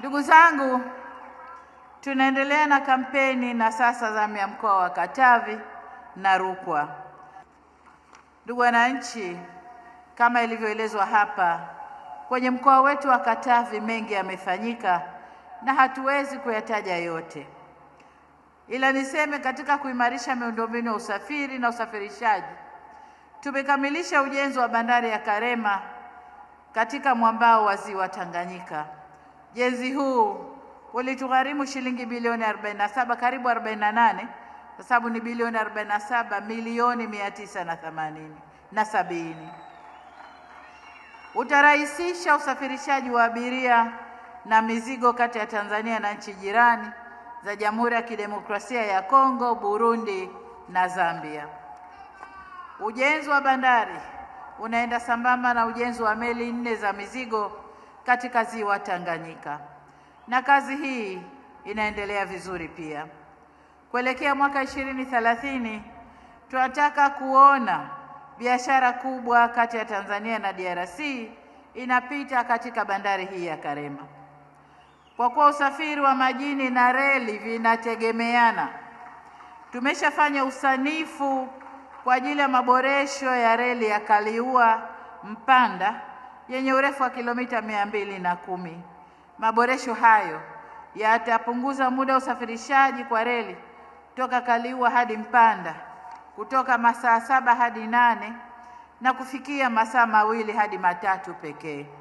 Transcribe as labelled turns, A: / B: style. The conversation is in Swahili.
A: Ndugu zangu, tunaendelea na kampeni na sasa zamu ya mkoa wa Katavi na Rukwa. Ndugu wananchi, kama ilivyoelezwa hapa, kwenye mkoa wetu wa Katavi mengi yamefanyika na hatuwezi kuyataja yote, ila niseme katika kuimarisha miundombinu ya usafiri na usafirishaji, tumekamilisha ujenzi wa bandari ya Karema katika mwambao wa ziwa Tanganyika jezi huu ulitugharimu shilingi bilioni 47 karibu 48, kwa sababu ni bilioni 47 milioni 980 na themanini na sabini. Utarahisisha usafirishaji wa abiria na mizigo kati ya Tanzania na nchi jirani za Jamhuri ya Kidemokrasia ya Kongo, Burundi na Zambia. Ujenzi wa bandari unaenda sambamba na ujenzi wa meli nne za mizigo katika ziwa Tanganyika, na kazi hii inaendelea vizuri pia. Kuelekea mwaka ishirini tunataka kuona biashara kubwa kati ya Tanzania na DRC inapita katika bandari hii ya Karema. Kwa kuwa usafiri wa majini na reli vinategemeana, tumeshafanya usanifu kwa ajili ya maboresho ya reli ya Kaliua Mpanda yenye urefu wa kilomita mia mbili na kumi. Maboresho hayo yatapunguza muda wa usafirishaji kwa reli kutoka Kaliua hadi Mpanda kutoka masaa saba hadi nane na kufikia masaa mawili hadi matatu pekee.